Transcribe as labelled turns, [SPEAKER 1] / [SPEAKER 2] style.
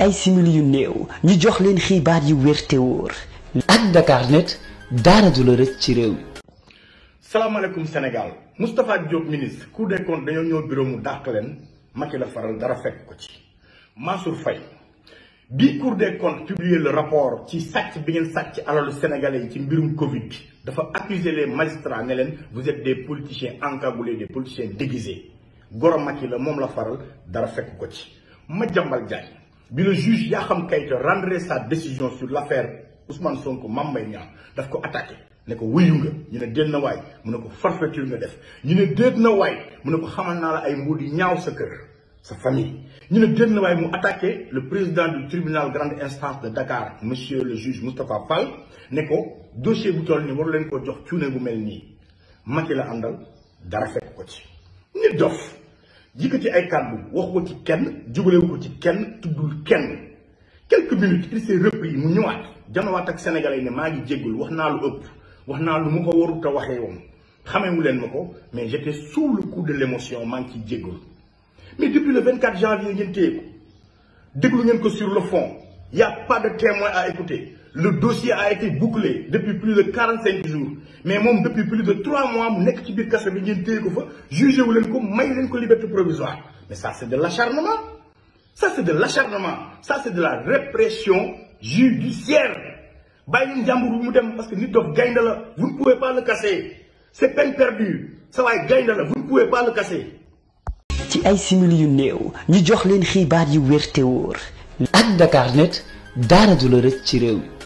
[SPEAKER 1] ay simili yu néew ñu jox leen xibaar yu wér te wóor. ak Dakarnet daara du rëcc ci réew mi.
[SPEAKER 2] salaamaaleykum Sénégal Moustapha Diop ministre Cour des comptes dañoo ñëw bureau mu dàq leen Macky la faral dara fekk ko ci Mansour Faye bi Cour des publier le rapport ci sàcc bi ngeen sàcc alalu sénégalais yi ci mbirum Covid bi dafa accuser les magistrats ne leen vous êtes des politiciens encagoulés des politiciens déguisés goro Macky la moom la faral dara fekk ko ci Madiambal Diagne bi le juge xam Keïta rendre sa décision sur l'affaire Ousmane Sonko Mame Mbaye Niang daf ko attaque ne ko wuyu nga ñu ne déet na waay mu ne ko forfaiture nga def ñu ne déet na waay mu ne ko xamal naa la ay mbuur di ñaaw sa kër sa famille ñu ne déet na waay mu attaqué le président du tribunal grande instance de Dakar monsieur le juge Moustapha Fall ne ko dossier bu toll nii waru leen ko jox cuune bu mel nii Macky la àndal dara fekk ko ci nit dof yëkkati ay kàddu wax ko ci kenn jubalewu ko ci kenn tuddul kenn quelques minutes il s'est repris mu ñëwaat janowaat ak sénégalais yi ne maa ngi jéggul wax naa lu ëpp wax naa lu mu ko warut a waxee woon xameewu leen ma ko mais j'étais sous le coup de l'émotion maa ngi ciy jéggul mais depuis le 24 janvier ngeen téye ko déglu ngeen ko sur le fond y a de témoin à écouter le dossier a été bouclé depuis plus de quarante jours mais moom depuis plus de trois mois mu nekk ci biir kaso bi ngeen téye ko fa jugé wu leen ko may leen ko liberté provisoire mais ça c'est de l'acharnement ça c'est de la répression judiciaire bàyyi leen jàmbur bi mu dem parce que nit dof gaynde la vous ne pouvez pas le casser c'est peine perdue sa waay gaynde la vous ne pouvez pas le casser
[SPEAKER 1] ci ay simili yu néew ñu jox leen xibaar yu wér wóor ak Dakarnet dara du ci réew mi